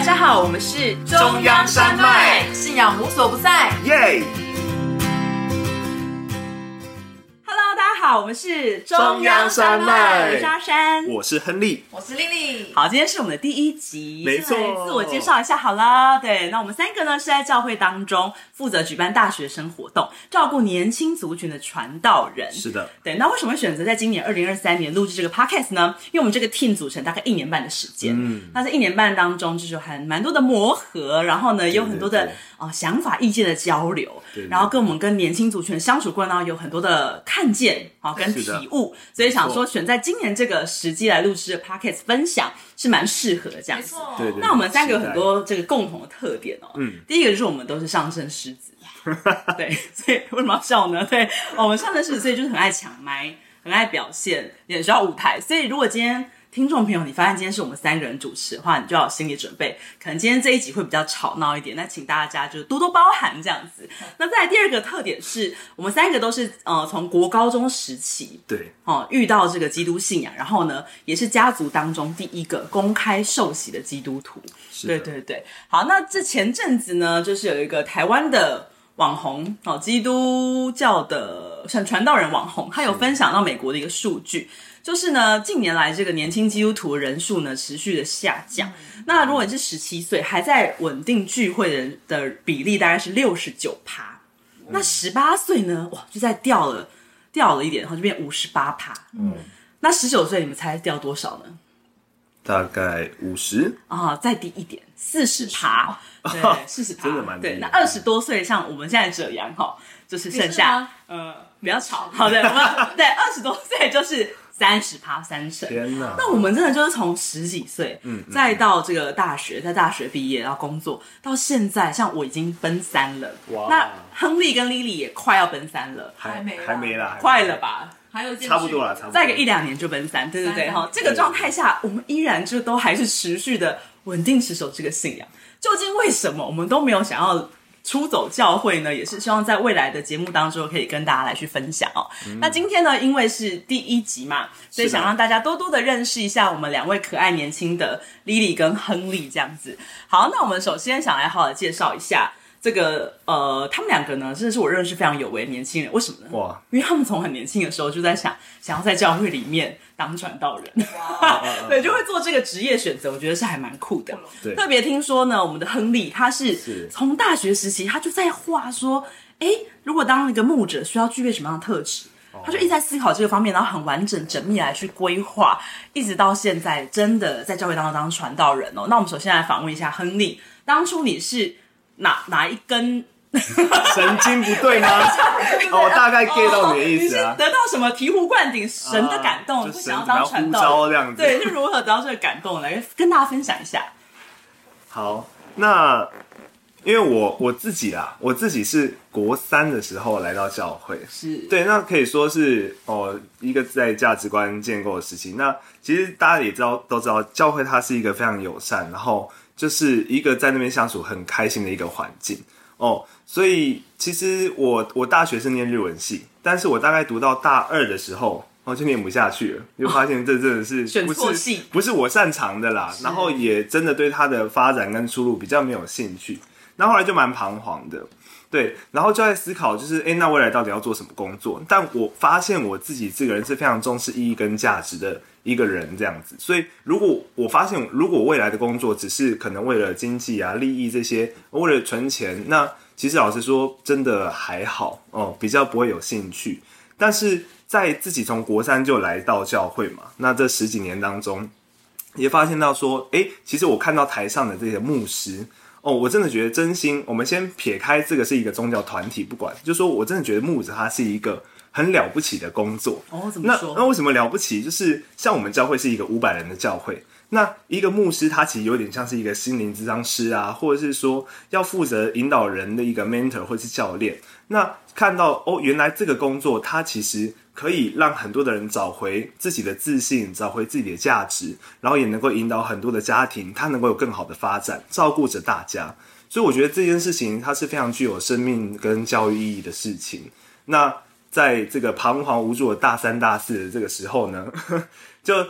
大家好，我們是中央山脈，信仰無所不在，耶。好，我們是中央山脈張山，山，我是亨利，我是莉莉。好，今天是我們的第一集，沒錯，自我介紹一下好了。對，那我們三個呢是在教會當中負責舉辦大學生活動，照顧年輕族群的傳道人。是的，對。那為什麼選擇在今年二零二三年錄製這個 podcast 呢？因為我們這個 team 組成大概一年半的時間，嗯，那在一年半當中，就是有很蠻多的磨合，然後呢，有很多的啊、哦、想法、意見的交流，對對，然後跟我們跟年輕族群相處過程當中，有很多的看見。好，跟體悟，是是，所以想說，選在今年這個時機來錄製的 podcast 分享是蠻適合這樣子。哦、那我們三個有很多這個共同的特點哦。嗯。第一個就是我們都是上升獅子，嗯、對，所以為什麼要笑呢？對，我們上升獅子，所以就是很愛搶麥，很愛表現，也很需要舞台。所以如果今天。聽眾朋友，你發現今天是我們三個人主持的話，你就要有心理準備，可能今天這一集會比較吵鬧一點，那請大家就多多包涵這樣子。那再來第二個特點是我們三個都是呃從國高中時期對哦遇到這個基督信仰，然後呢也是家族當中第一個公開受洗的基督徒。是的對對對，好，那這前陣子呢，就是有一個台灣的網紅哦，基督教的像傳道人網紅，他有分享到美國的一個數據。就是呢，近年來這個年輕基督徒的人數呢持續的下降。嗯，那如果你是十七歲，還在穩定聚會的人的比例大概是六十九趴。嗯，那十八歲呢？哇，就再掉了，掉了一點，然後就變五十八趴。嗯，那十九歲，你們猜掉多少呢？大概五十啊，再低一點，四十趴，四十趴，真的蠻低的。對，那二十多歲，像我們現在這樣吼、哦，就是剩下是呃，不要吵，好的，對二十多歲就是。三十趴三成，天哪！那我們真的就是從十幾歲，嗯，再到這個大學，在大學畢業，然後工作，到現在，像我已經奔三了。哇！那亨利跟莉莉也快要奔三了，還沒。還沒啦，沒啦，快了吧？還有差不，啦，差不多了，差不多。再個一兩年就奔三，對對對，哈！這個狀態下，對我們依然就都還是持續的穩定持守這個信仰。究竟為什麼我們都沒有想要？出走教會呢，也是希望在未來的節目當中可以跟大家來去分享哦。嗯，那今天呢，因為是第一集嘛，所以想讓大家多多的認識一下我們兩位可愛年輕的 Lily 跟亨利這樣子。好，那我們首先想來好好的介紹一下。這個呃，他們兩個呢，真的是我認識非常有為的年輕人。為什麼呢？哇！因為他們從很年輕的時候就在想，想要在教會裡面當傳道人，哦哦 對，就會做這個職業選擇。我覺得是還蠻酷的。哦、對，特別聽說呢，我們的亨利他是從大學時期他就在畫說，說是欸，如果當一個牧者需要具備什麼樣的特質，哦哦他就一直在思考這個方面，然後很完整、縝密來去規劃，一直到現在，真的在教會當中當傳道人哦。那我們首先來訪問一下亨利，當初你是。哪哪一根 神經不對呢？我大概 get 到你的意思啊！哦、得到什麼醍醐灌頂、啊、神的感動，你就神 會想要當傳道要這樣子？對，是如何得到這個感動呢？來跟大家分享一下。好，那因為我我自己啊，我自己是國三的時候來到教會，是對，那可以說是哦一個在價值觀建構的時期。那其實大家也知道，都知道教會它是一個非常友善，然後。就是一個在那邊相處很開心的一個環境哦，oh, 所以其實我我大學是念日文系，但是我大概讀到大二的時候，我、oh, 就念不下去了，就發現這真的是，不是、哦、選錯系不是，不是我擅長的啦。是然後也真的對它的發展跟出路比較沒有興趣，那後，後來就蠻彷徨的，對，然後就在思考，就是，誒，那未來到底要做什麼工作？但我發現我自己這個人是非常重視意義跟價值的。一個人這樣子，所以如果我發現，如果未來的工作只是可能為了經濟啊、利益這些，為了存錢，那其實老實說，真的還好哦，比較不會有興趣。但是在自己從國三就來到教會嘛，那這十幾年當中，也發現到說，哎、欸，其實我看到台上的這些牧師，哦，我真的覺得真心。我們先撇開這個是一個宗教團體不管，就說我真的覺得牧者他是一個。很了不起的工作哦，oh, 怎麼說？那那為什麼了不起？就是像我們教會是一個五百人的教會，那一個牧師他其實有點像是一個心靈治療師，啊，或者是說要負責引導人的一個 mentor 或是教練。那看到哦，原來這個工作他其實可以讓很多的人找回自己的自信，找回自己的價值，然後也能夠引導很多的家庭，他能夠有更好的發展，照顧着大家。所以我覺得這件事情它是非常具有生命跟教育意義的事情。那在這個彷徨無助的大三大四的這個時候呢，就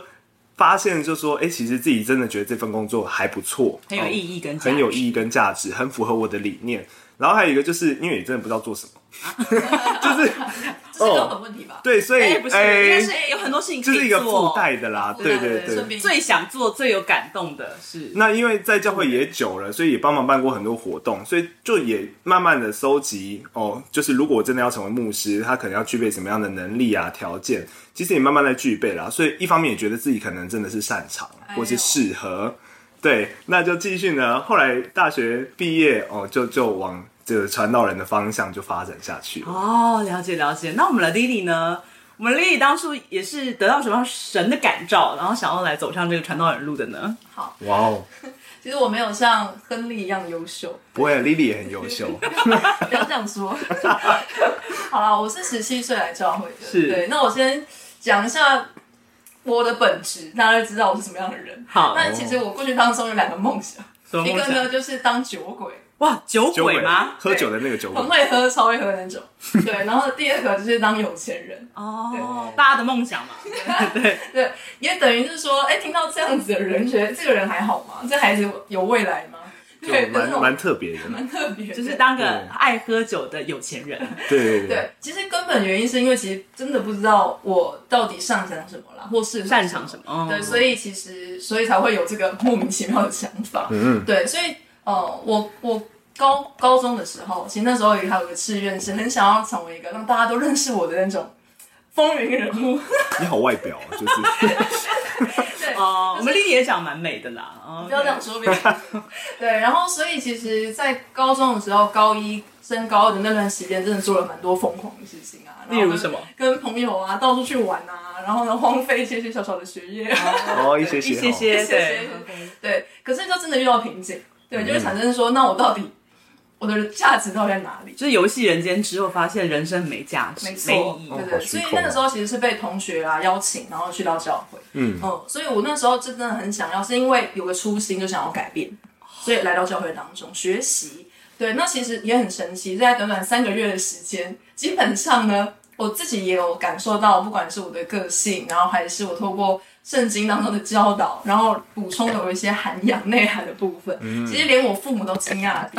發現就說，哎、欸，其實自己真的覺得這份工作還不錯、嗯，很有意義，跟很有意義跟價值，很符合我的理念。然後還有一個，就是因為你真的不知道做什麼， 就是。 Oh, 是這種問題吧？對，所以哎，應該是、欸、有很多事情可以做。就是一個附帶的啦，帶對對對。便最想做、最有感動的是那，因為在教會也久了，所以也幫忙辦過很多活動，所以就也慢慢的收集哦。就是如果我真的要成為牧師，他可能要具備什麼樣的能力啊、條件？其實也慢慢在具備啦，所以一方面也覺得自己可能真的是擅長或是適合，哎、呦對，那就繼續呢。後來大學畢業哦，就就往。這個傳道人的方向就發展下去哦，了解了解。那我們的 Lily 呢？我們 Lily 當初也是得到什麼樣神的感召，然後想要來走上這個傳道人路的呢？好，哇哦，其實我沒有像亨利一樣優秀，不會，Lily 也很優秀，不、就是、要這樣說。 好了，我是十七歲來教會的，是對。那我先講一下我的本質，大家就知道我是什麼樣的人。好，那其實我過去當中有兩個夢想，夢想一個呢就是當酒鬼。哇，酒鬼嗎？喝酒的那個酒鬼，很會喝，超會喝的那種。對，然後第二個就是當有錢人哦，大家的夢想嘛。對對，也等於是說，哎，聽到這樣子的人，覺得這個人還好嗎？這還是有未來嗎？對，蠻特別的，蠻特別，就是當個愛喝酒的有錢人。對對，其實根本原因是因為其實真的不知道我到底擅長什麼啦，或是擅長什麼。對，所以其實所以才會有這個莫名其妙的想法。嗯嗯，對，所以。哦，我我高高中的時候，其實那時候也還有一個志願，志願是很想要成為一個讓大家都認識我的那種風雲人物。你好，外表，啊、就是。 對哦，就是，我們麗麗也講蠻美的啦。不要這樣說別人。 對，然後所以其實，在高中的時候，高一升高二的那段時間，真的做了蠻多瘋狂的事情啊。例如什麼？跟朋友啊到處去玩啊，然後呢荒廢一些小小的學業。哦，一些一些，些一些一些。對，可是就真的遇到瓶頸。對，就會產生說，那我到底我的價值到底在哪裡？嗯？就是遊戲人間只有發現人生沒價值，沒、錯沒意義，哦，對不對？啊，所以那個時候其實是被同學啊邀請，然後去到教會，嗯嗯，所以我那時候真的很想要，是因為有個初心，就想要改變，所以來到教會當中學習。對，那其實也很神奇，在短短三個月的時間，基本上呢，我自己也有感受到，不管是我的個性，然後還是我透過。聖經當中的教導，然後補充有一些涵養內涵的部分。嗯、其實連我父母都驚訝了，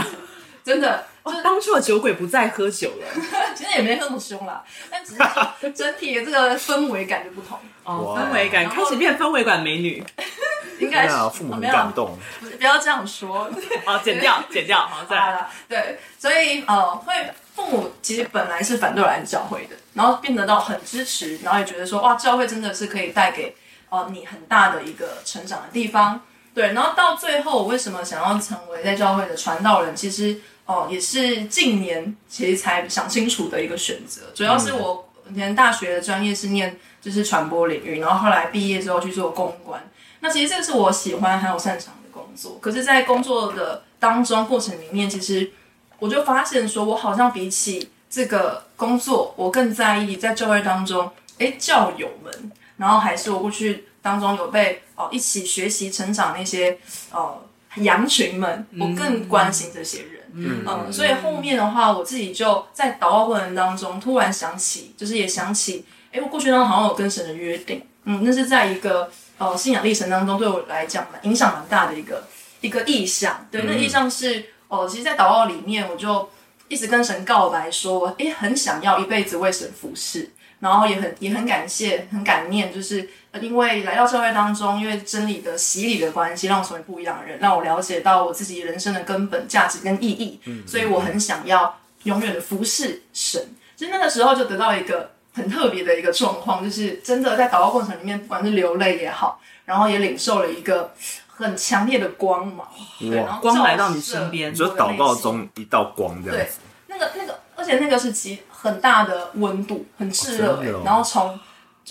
真的，就是哦、當初的酒鬼不再喝酒了， 其實也沒那麼凶啦，但只是整體的這個氛圍感就不同。氛圍感開始變氛圍感，美女。 應該是、啊、父母很感動、啊不。不要這樣說。哦， 剪掉，剪掉，好再來、 啊。對，所以呃，會父母其實本來是反對來教會的，然後變得到很支持，然後也覺得說哇，教會真的是可以帶給。哦，你很大的一個成長的地方，對。然後到最後，我為什麼想要成為在教會的傳道人？其實，哦，也是近年其實才想清楚的一個選擇。主要是我念大學的專業是念就是傳播領域，然後後來畢業之後去做公關。那其實這是我喜歡還有擅長的工作。可是，在工作的當中過程裡面，其實我就發現說，我好像比起這個工作，我更在意在教會當中，哎，教友們。然後還是我過去當中有被哦一起學習成長那些、呃、羊群們，嗯、我更關心這些人。嗯、呃，所以後面的話，我自己就在禱告過程當中，突然想起，就是也想起，哎，我過去當中好像有跟神的約定。嗯，那是在一個呃信仰歷程當中，對我來講蠻影響蠻大的一個一個意向異象。對，嗯、那異象是哦、呃，其實，在禱告裡面，我就一直跟神告白說，哎，我很想要一輩子為神服侍。然後也很也很感謝，很感念，就是因為來到教會當中，因為真理的洗禮的關係，讓我成為不一樣的人，讓我了解到我自己人生的根本價值跟意義。嗯，所以我很想要永遠的服侍神。嗯嗯嗯，所以那個時候就得到一個很特別的一個狀況，就是真的在禱告過程裡面，不管是流淚也好，然後也領受了一個很強烈的光芒。哇對，然後光來到你身邊，就是禱告中一道光這樣子。對，那個那個。而且那個是極很大的溫度，很炙熱，哦、然後從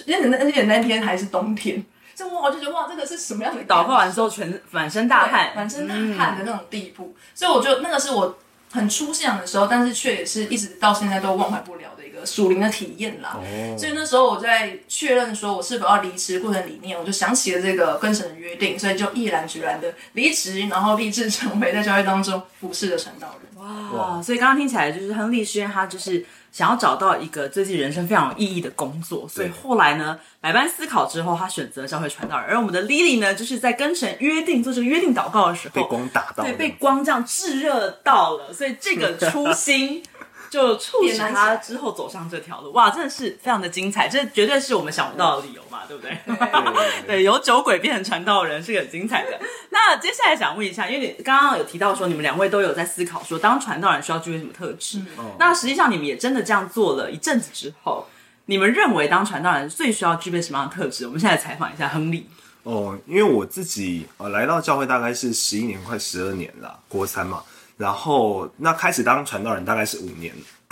因為那那那天還是冬天，就哇就覺得哇這個是什麼樣的？禱告完之後全滿身大汗，滿身大汗的那種地步，嗯、所以我覺得那個是我很出太的時候，但是卻也是一直到現在都忘懷不了。屬靈的體驗啦，oh. 所以那時候我在確認說，我是否要離職過程裡面，我就想起了這個跟神的約定，所以就毅然決然的離職，然後立志成為在教會當中服侍的傳道人。哇，Wow, Wow. 所以剛剛聽起來就是亨利軒，他就是想要找到一個最近人生非常有意義的工作，對所以後來呢，百般思考之後，他選擇教會傳道人。而我們的 Lily 呢，就是在跟神約定做、就是、這個約定禱告的時候被光打到，對，被光這樣炙熱到了，所以這個初心。 就促使他之後走上這條路，哇，真的是非常的精彩，這絕對是我們想不到的理由嘛，嗯、對不對？對、對、對， 對，由酒鬼變成傳道人是很精彩的。 那接下來想問一下，因為你剛剛有提到說，你們兩位都有在思考說，當傳道人需要具備什麼特質？嗯、那實際上你們也真的這樣做了一陣子之後，你們認為當傳道人最需要具備什麼樣的特質？我們現在採訪一下亨利。哦、嗯，因為我自己呃來到教會大概是十一年，快十二年了，國三嘛。然後，那開始當傳道人，大概是五年。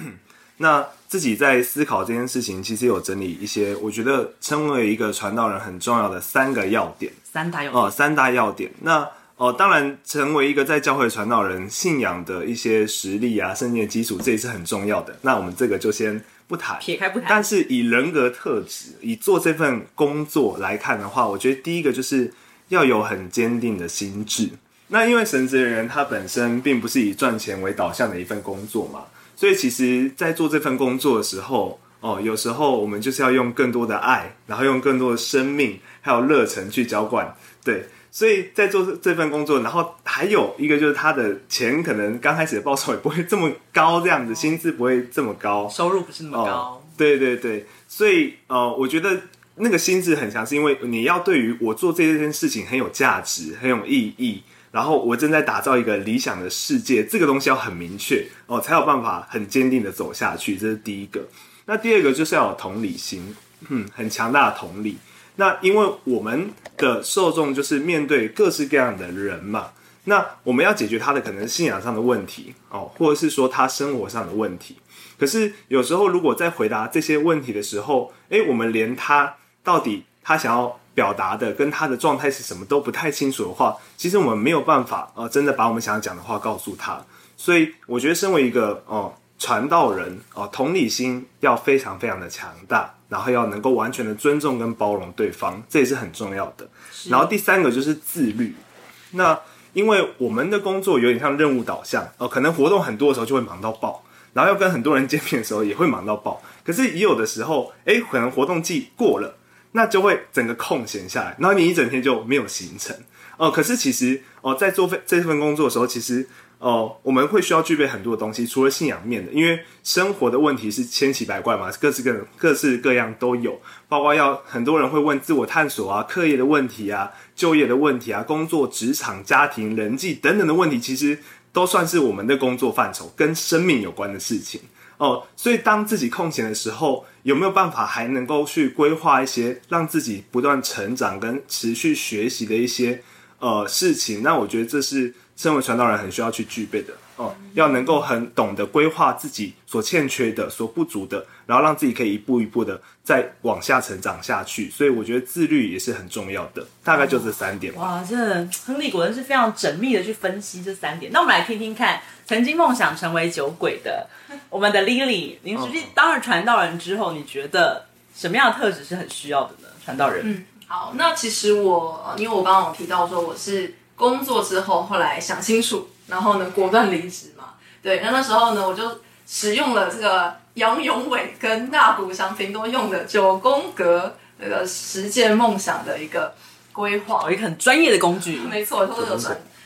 那自己在思考這件事情，其實有整理一些，我覺得成為一個傳道人很重要的三個要點。三大要點，哦，三大要點。那哦、呃，當然，成為一個在教會傳道人，信仰的一些實力啊，聖經的基礎，這也是很重要的。那我們這個就先不談，撇開不談。但是以人格特質，以做這份工作來看的話，我覺得第一個就是要有很堅定的心智。那因為神職人員他本身並不是以賺錢為導向的一份工作嘛，所以其實，在做這份工作的時候，哦、呃，有時候我們就是要用更多的愛，然後用更多的生命還有熱忱去澆灌，對。所以在做這份工作，然後還有一個就是他的錢可能剛開始的報酬也不會這麼高，這樣子，薪資不會這麼高，收入不是那麼高。呃、對對對，所以呃，我覺得那個心智很強，是因為你要對於我做這件事情很有價值，很有意義。然後我正在打造一個理想的世界，這個東西要很明確哦，才有辦法很堅定的走下去。這是第一個。那第二個就是要有同理心，嗯，很強大的同理。那因為我們的受眾就是面對各式各樣的人嘛，那我們要解決他的可能信仰上的問題哦，或者是說他生活上的問題。可是有時候如果在回答這些問題的時候，誒，我們連他到底他想要，表達的跟他的狀態是什麼都不太清楚的話，其實我們沒有辦法呃，真的把我們想要講的話告訴他。所以我覺得，身為一個哦呃、傳道人哦、呃，同理心要非常非常的強大，然後要能夠完全的尊重跟包容對方，這也是很重要的。是然後第三個就是自律。那因為我們的工作有點像任務導向哦、呃，可能活動很多的時候就會忙到爆，然後要跟很多人見面的時候也會忙到爆。可是也有的時候，誒、欸，可能活動季過了。那就會整個空閒下來，然後你一整天就沒有行程哦。可是其實哦，在做份這份工作的時候，其實哦，我們會需要具備很多的東西，除了信仰面的，因為生活的問題是千奇百怪嘛，各式各各式各樣都有，包括要很多人會問自我探索啊、課業的問題啊、就業的問題啊、工作、職場、家庭、人際等等的問題，其實都算是我們的工作範疇，跟生命有關的事情。哦，所以當自己空閒的時候，有沒有辦法還能夠去規劃一些讓自己不斷成長跟持續學習的一些呃事情？那我覺得這是身為傳道人很需要去具備的。嗯、要能夠很懂得規劃自己所欠缺的、所不足的，然後讓自己可以一步一步的再往下成長下去。所以我覺得自律也是很重要的。大概就是這三點、嗯。哇，這真的，亨利果然是非常縝密的去分析這三點。那我們來聽聽看，曾經夢想成為酒鬼的、嗯、我們的 Lily，您實際當了傳道人之後，你覺得什麼樣的特質是很需要的呢？傳道人，嗯，好，那其實我因為我剛剛有提到說，我是工作之後後來想清楚。然後呢，果斷離職嘛。對，那那時候呢，我就使用了這個楊勇緯跟大谷翔平都用的九宮格那個實踐夢想的一個規劃，哦，一個很專業的工具。嗯、沒錯，透過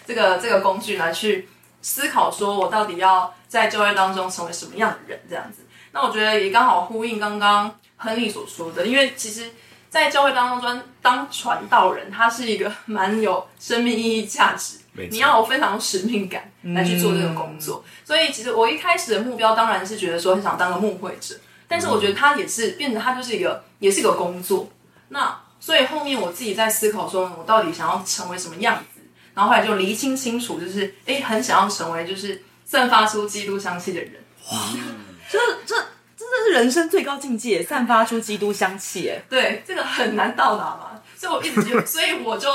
這個這個宮這個工具來去思考，說我到底要在教會當中成為什麼樣的人，這樣子。那我覺得也剛好呼應剛剛亨利所說的，因為其實，在教會當中專當傳道人，他是一個蠻有生命意義價值。你要有非常有使命感來去做這個工作，嗯，所以其實我一開始的目標當然是覺得說，很想當個牧會者，但是我覺得他也是，變成他就是一個，也是一個工作。那所以後面我自己在思考說，我到底想要成為什麼樣子？然後後來就釐清清楚，就是哎，很想要成為就是散發出基督香氣的人。哇，這這真的是人生最高境界，散發出基督香氣。哎，對，這個很難到達嘛。所以我一直就， 所以我就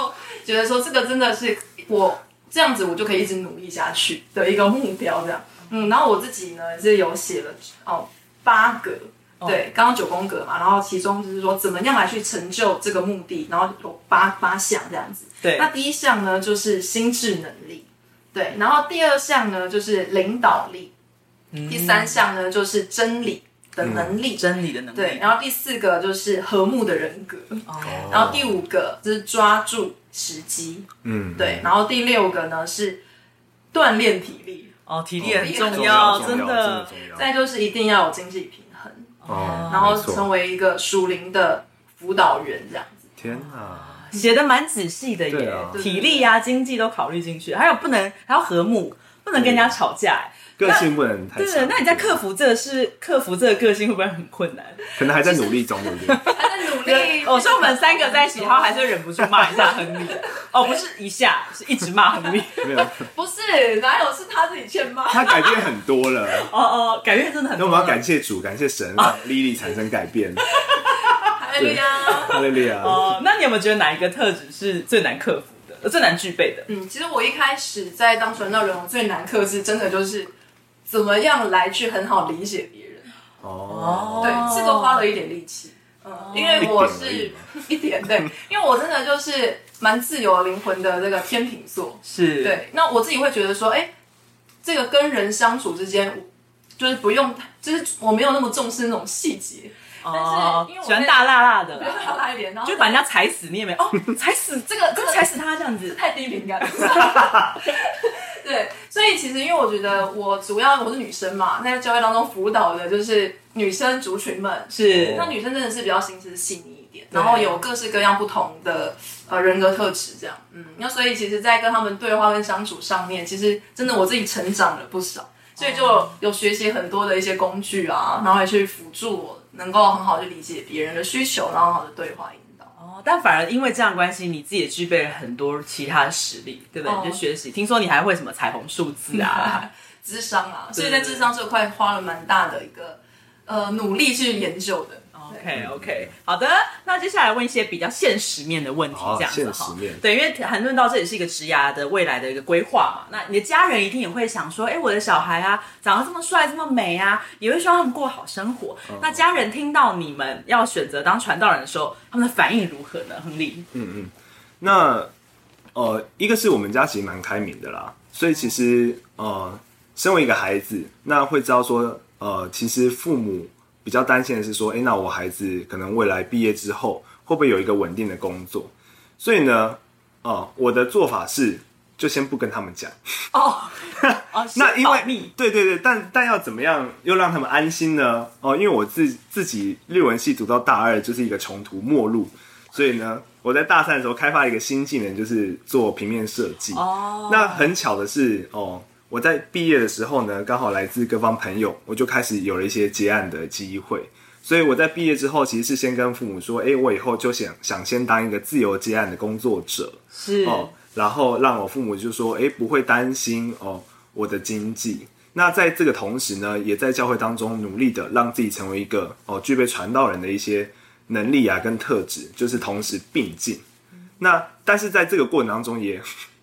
覺得說，這個真的是我。這樣子我就可以一直努力下去的一個目標，這樣。嗯，然後我自己呢是有寫了哦，八格，哦、對，剛剛九宮格嘛，然後其中就是說怎麼樣來去成就這個目的，然後有八八項這樣子。對，那第一項呢就是心智能力，對，然後第二項呢就是領導力，嗯、第三項呢就是真理的能力，嗯、真理的能力，對，然後第四個就是和睦的人格，哦，然後第五個就是抓住時機，嗯，對。然後第六個呢是鍛鍊體力哦，體力很重要，哦、很重要真的。再就是一定要有經濟平衡哦，然後成為一個屬靈的輔導員這樣子。天哪，寫的蠻仔細的耶，嗯啊、體力啊、經濟都考慮進去，還有不能還要和睦，不能跟人家吵架。哦個性不能太強。對，那你在克服這個是克服這個個性會不會很困難？可能還在努力中，努力。還在努力。我說我們三個在一起，他還是忍不住罵一下亨利。哦，不是一下，是一直罵亨利。沒有。不是，哪有，是他自己欠罵。他改變很多了。哦哦，改變真的很多。那我們要感謝主，感謝神讓 Lily 產生改變。Lily 啊，Lily 啊。哦，那你有沒有覺得哪一個特質是最難克服的，最難具備的？嗯，其實我一開始在當傳道人，我最難克制真的就是。怎麼樣來去很好理解別人，哦，對，這個花了一點力氣，嗯，因為我是一點，對，因為我真的就是蠻自由靈魂的這個天秤座，是對，那我自己會覺得說，哎，這個跟人相處之間，就是不用，就是我沒有那麼重視那種細節，哦，因為我喜歡大辣辣的，辣一點，然後就把人家踩死，你有沒有？哦，踩死這個，就踩死他這樣子，太低頻了。對，所以其實因為我覺得我主要我是女生嘛，在、那個、教育當中輔導的就是女生族群們，是，那女生真的是比較心思細膩一點，然後有各式各樣不同的呃人格特質這樣，嗯，那所以其實，在跟他們對話跟相處上面，其實真的我自己成長了不少，所以就有學習很多的一些工具啊，然後也去輔助我能夠很好去理解別人的需求，然後好的對話一點。但反而因為這樣關係，你自己也具備了很多其他的實力，對不對？哦、就學習，聽說你還會什麼彩虹數字啊、智、嗯啊、商啊，對所以在智商這塊花了蠻大的一個呃努力去研究的。OK，OK，好的。那接下來問一些比較現實面的問題，這樣子哈。哦、現實面對，因為談論到這也是一個職涯的未來的一個規劃嘛。那你的家人一定也會想說，哎、欸，我的小孩啊，長得這麼帥，這麼美啊，也會希望他們過好生活。那家人聽到你們要選擇當傳道人的時候，他們的反應如何呢？亨利，嗯嗯，那呃，一個是我們家其實蠻開明的啦，所以其實呃，身為一個孩子，那會知道說，呃，其實父母。比較擔心的是說，哎、欸，那我孩子可能未來畢業之後會不會有一個穩定的工作？所以呢，哦，我的做法是，就先不跟他們講。哦， 哦，那因為對對對，但但要怎麼樣又讓他們安心呢？哦，因為我自己自己日文系讀到大二就是一個窮途末路，所以呢，我在大三的時候開發一個新技能，就是做平面設計。哦，那很巧的是，哦。我在畢業的時候呢，剛好來自各方朋友，我就開始有了一些接案的機會。所以我在畢業之後，其實是先跟父母說：“誒、欸，我以後就想想先當一個自由接案的工作者。是。”是哦，然後讓我父母就說：“誒、欸，不會擔心哦我的經濟。”那在這個同時呢，也在教會當中努力的讓自己成為一個哦具備傳道人的一些能力啊跟特質，就是同時並進。那但是在這個過程當中也。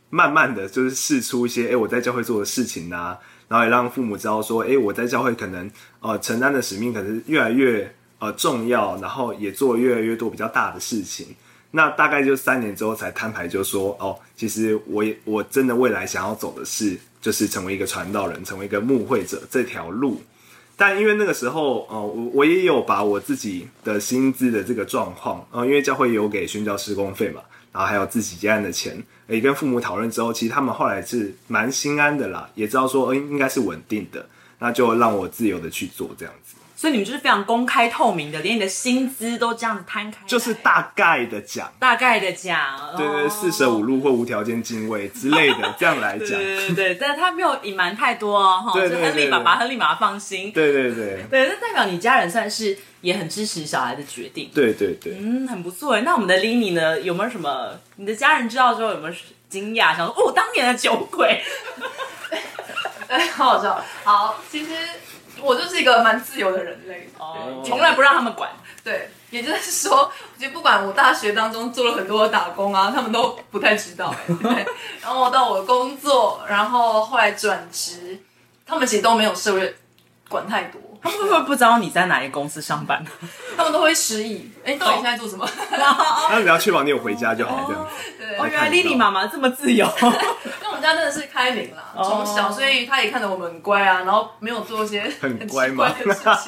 慢慢的就是釋出一些，哎、欸，我在教會做的事情吶、啊，然後也讓父母知道說，哎、欸，我在教會可能呃承擔的使命可能是越來越呃重要，然後也做越來越多比較大的事情。那大概就三年之後才攤牌，就說哦，其實我也我真的未來想要走的是，就是成為一個傳道人，成為一個牧會者這條路。但因為那個時候，呃，我我也有把我自己的薪資的這個狀況，呃，因為教會有給宣教士工費嘛，然後還有自己接案的錢。也、欸、跟父母討論之後，其實他們後來是蠻心安的啦，也知道說，嗯，應該是穩定的，那就讓我自由的去做這樣子。所以你們就是非常公開透明的，連你的薪資都這樣子攤開，就是大概的講，大概的講，對，對對，四捨五入或無條件進位之類的， 對對對對這樣來講，對對，對但他沒有隱瞞太多哦，哈，就很立馬把很立馬放心，對對對，對，那代表你家人算是也很支持小孩的決定，對，對對對，嗯，很不錯哎，那我們的 Lini 呢，有沒有什麼？你的家人知道之後有沒有驚訝？想說哦，當年的酒鬼，哎、 欸，好好笑，好，其實。我就是一個蠻自由的人類，從、oh. 來不讓他們管。對，也就是說，其實不管我大學當中做了很多的打工啊，他們都不太知道、欸對。然後到我工作，然後後來轉職，他們其實都沒有社會管太多，他們都會不，會不知道你在哪一個公司上班， 他們都會失憶。哎、欸，到底好現在做什麼？他們只要確保你有回家就好。這樣、oh.，原來莉莉媽媽這麼自由。 家真的是開明了，從、oh. 小所以他也看着我們很乖啊，然後沒有做一些很奇怪的事情，很乖嘛，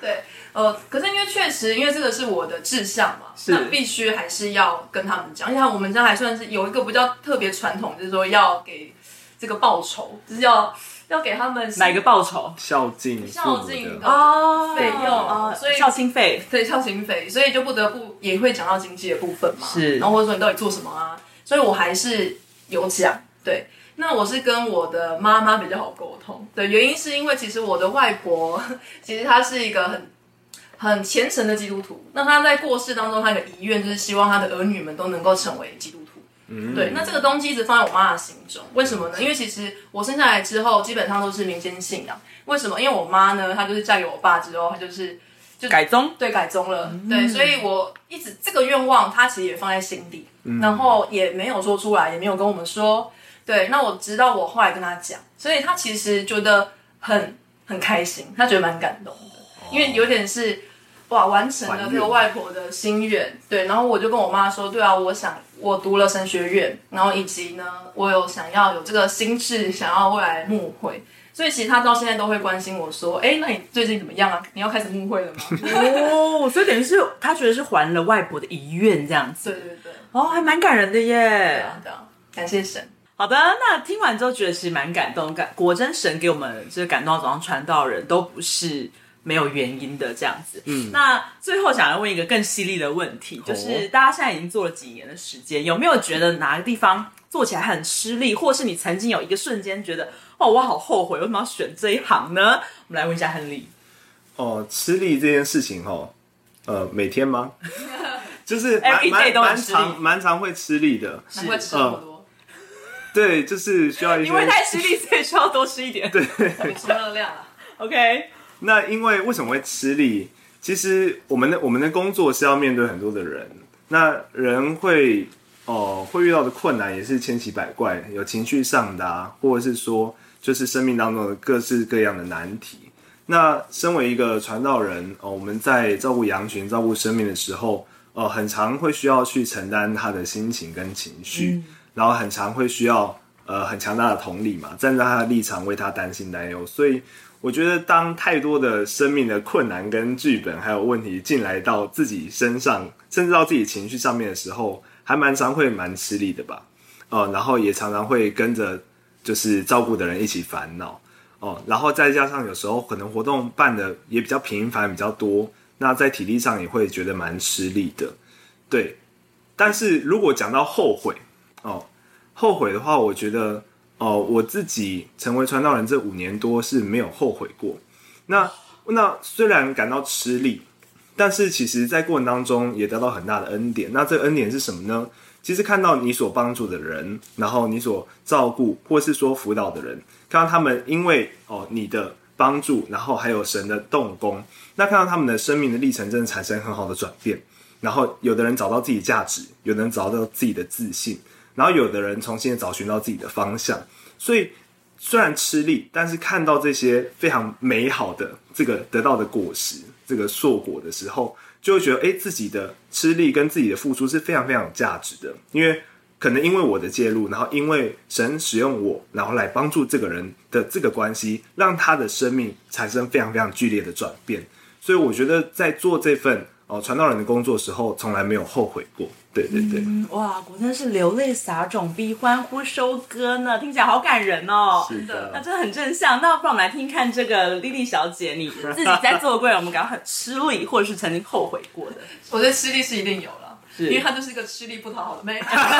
對，呃，可是因為確實，因為這個是我的志向嘛，是那必須還是要跟他們講，你看我們家還算是有一個比較特別傳統，就是說要給這個報酬，就是要要給他們買個報酬，孝敬孝敬的費用啊，oh, 呃、所以孝心費對孝心費，所以就不得不也會講到經濟的部分嘛，是，然後或者說你到底做什麼啊，所以我還是有講。對，那我是跟我的媽媽比較好溝通的原因，是因為其實我的外婆其實她是一個很很虔誠的基督徒。那她在過世當中，她的遺願就是希望她的兒女們都能夠成為基督徒。對，那這個東西一直放在我媽的心中。為什麼呢？因為其實我生下來之後，基本上都是民間信仰啊。為什麼？因為我媽呢，她就是嫁給我爸之後，她就是就改宗，對，改宗了。對，所以我一直這個願望，她其實也放在心底，嗯，然後也沒有說出來，也沒有跟我們說。對，那我知道，我後來跟他講，所以他其實覺得很很開心，他覺得蠻感動的，因為有點是哇，完成了這個外婆的心願。對，然後我就跟我媽說，對啊，我想我讀了神學院，然後以及呢，我有想要有這個心智，想要未來牧會。所以其實他到現在都會關心我說，哎，那你最近怎麼樣啊？你要開始牧會了嗎？ 哦，所以等於是他覺得是還了外婆的遺願這樣子。對對對。哦，還蠻感人的耶。這樣、這樣，感謝神。好的，那聽完之後覺得其實蠻感動，感果真神給我們就是感動到，早上傳道人，都不是沒有原因的這樣子。嗯，那最後想要問一個更犀利的問題，就是大家現在已經做了幾年的時間。哦、有沒有覺得哪個地方做起來很吃力，或是你曾經有一個瞬間覺得哦，我好後悔為什麼要選這一行呢？我們來問一下亨利。哦、呃，吃力這件事情哈，呃，每天嗎？ 就是 every day 都蠻常蠻常會吃力的，是對，就是需要一因為太吃力，所以需要多吃一點，對，補充能量。OK。那因為為什麼會吃力？其實我們的我們的工作是要面對很多的人，那人會哦、呃、會遇到的困難也是千奇百怪，有情緒上的，或者是說就是生命當中的各式各樣的難題。那身為一個傳道人，哦、呃，我們在照顧羊群、照顧生命的時候，哦、呃，很常會需要去承擔他的心情跟情緒。嗯然後很常會需要，呃，很強大的同理嘛，站在他的立場，為他擔心擔憂。所以我覺得，當太多的生命的困難跟劇本還有問題進來到自己身上，甚至到自己情緒上面的時候，還蠻常會蠻吃力的吧。哦、嗯，然後也常常會跟着就是照顧的人一起煩惱。哦、嗯，然後再加上有時候可能活動辦的也比較頻繁比較多，那在體力上也會覺得蠻吃力的。對，但是如果講到後悔。哦，後悔的話，我覺得哦，我自己成為傳道人這五年多是沒有後悔過。那那雖然感到吃力，但是其實在過程當中也得到很大的恩典。那這個恩典是什麼呢？其實看到你所幫助的人，然後你所照顧或是說輔導的人，看到他們因為哦你的幫助，然後還有神的動工，那看到他們的生命的歷程真的產生很好的轉變，然後有的人找到自己的價值，有的人找到自己的自信。然後，有的人重新找尋到自己的方向，所以雖然吃力，但是看到這些非常美好的這個得到的果實、這個碩果的時候，就會覺得，哎，自己的吃力跟自己的付出是非常非常有價值的。因為可能因為我的介入，然後因為神使用我，然後來幫助這個人的這個關係，讓他的生命產生非常非常劇烈的轉變。所以，我覺得在做這份哦傳道人的工作的時候，從來沒有後悔過。對對對、嗯，哇，果真是流淚撒種，必歡呼收割呢，聽起來好感人哦。是的，那真的很正向。那不然我們來聽看這個莉莉小姐，你自己在做過來， 我們感覺很吃力，或者是曾經後悔過的。我覺得吃力是一定有了，是因為她就是一個吃力不討好的妹，妹。哎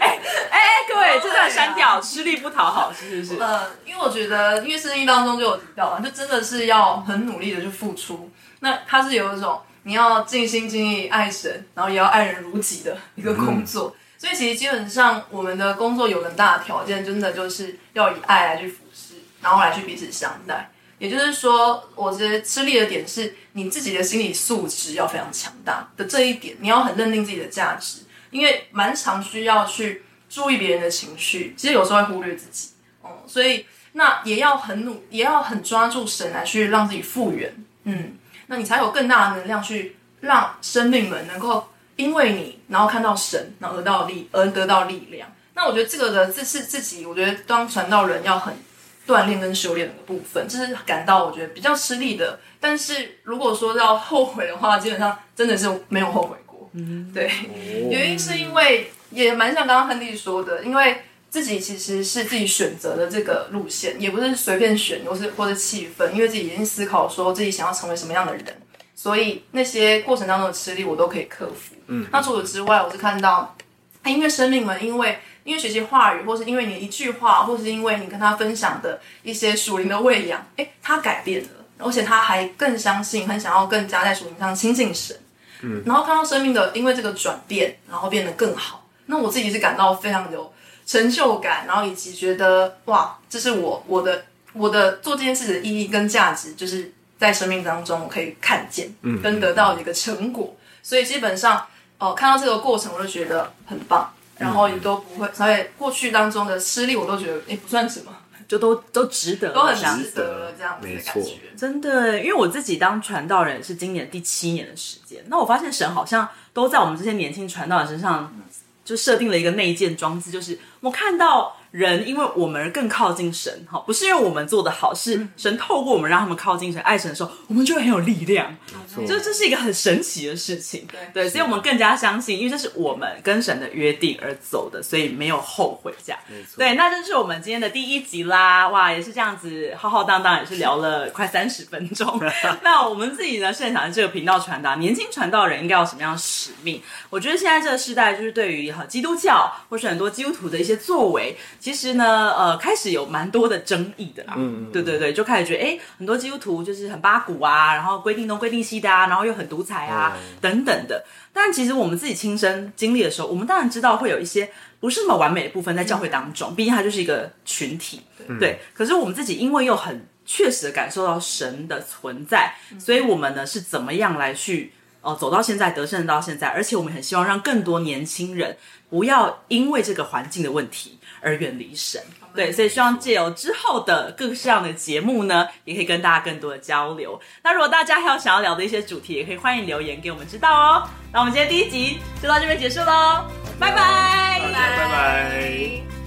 哎哎，各位，oh, 這段刪掉，哎、呀吃力不討好是是是。呃，因為我覺得，因為生意當中就有提到嘛、啊，就真的是要很努力的去付出。那她是有一種。你要盡心盡力愛神，然後也要愛人如己的一個工作。嗯、所以其實基本上我們的工作有很大的條件，真的就是要以愛來去服侍，然後來去彼此相待。也就是說，我覺得吃力的點是你自己的心理素質要非常強大的這一點，你要很認定自己的價值，因為蠻常需要去注意別人的情緒，其實有時候會忽略自己。哦、嗯，所以那也要很努，也要很抓住神來去讓自己復原。嗯。那你才有更大的能量去讓生命們能夠因為你，然後看到神，然後得到力，而得到力量。那我覺得這個的這是自己，我覺得當傳道人要很鍛鍊跟修煉的部分，就是感到我覺得比較吃力的。但是如果說要後悔的話，基本上真的是沒有後悔過。嗯哼，對，哦、原因是因為也蠻像剛剛亨利說的，因為。自己其實是自己選擇的這個路線，也不是隨便選，或是或者氣氛，因為自己已經思考說自己想要成為什麼樣的人，所以那些過程當中的吃力我都可以克服。嗯，嗯那除此之外，我是看到，因為生命們，因為因為學習話語，或是因為你一句話，或是因為你跟他分享的一些屬靈的餵養，哎，他改變了，而且他還更相信，很想要更加在屬靈上親近神。嗯，然後看到生命的因為這個轉變，然後變得更好，那我自己是感到非常的有，成就感，然後以及覺得哇，這是我我的我的做這件事的意義跟價值，就是在生命當中我可以看見，嗯，嗯跟得到一個成果。所以基本上，哦、呃，看到這個過程，我就覺得很棒。然後也都不會所以、嗯、過去當中的失利，我都覺得也不算什麼，就都都值得，都很值得想這樣子的感覺。錯真的，因為我自己當傳道人是今年第七年的時間，那我發現神好像都在我們這些年輕傳道人身上，就設定了一個內建裝置，就是我看到。人因為我們更靠近神，哈，不是因為我們做的好，是神透過我們讓他們靠近神、愛神的時候，我們就會很有力量，Okay. 就這是一個很神奇的事情，對，所以我們更加相信，因為這是我們跟神的約定而走的，所以沒有後悔一下，這樣錯，對。那這是我們今天的第一集啦，哇，也是這樣子浩浩蕩蕩，也是聊了快三十分鐘。 那我們自己呢，現場的這個頻道傳達年輕傳道人應該有什麼樣的使命？我覺得現在這個時代，就是對於基督教或是很多基督徒的一些作為。其實呢，呃，開始有蠻多的爭議的啦。嗯，嗯，嗯，對對對，就開始覺得，哎，很多基督徒就是很八股啊，然後規定東規定西的啊，然後又很獨裁啊，嗯嗯等等的。但其實我們自己親身經歷的時候，我們當然知道會有一些不是那麼完美的部分在教會當中，嗯、畢竟它就是一個群體。對，嗯、對，可是我們自己因為又很確實的感受到神的存在，所以我們呢是怎麼樣來去？哦，走到現在得勝到現在，而且我們很希望讓更多年輕人不要因為這個環境的問題而遠離神。對，所以希望借由之後的各式各樣的節目呢，也可以跟大家更多的交流。那如果大家還有想要聊的一些主題，也可以歡迎留言給我們知道哦。那我們今天第一集就到這邊結束嘍，拜拜，啊、拜拜。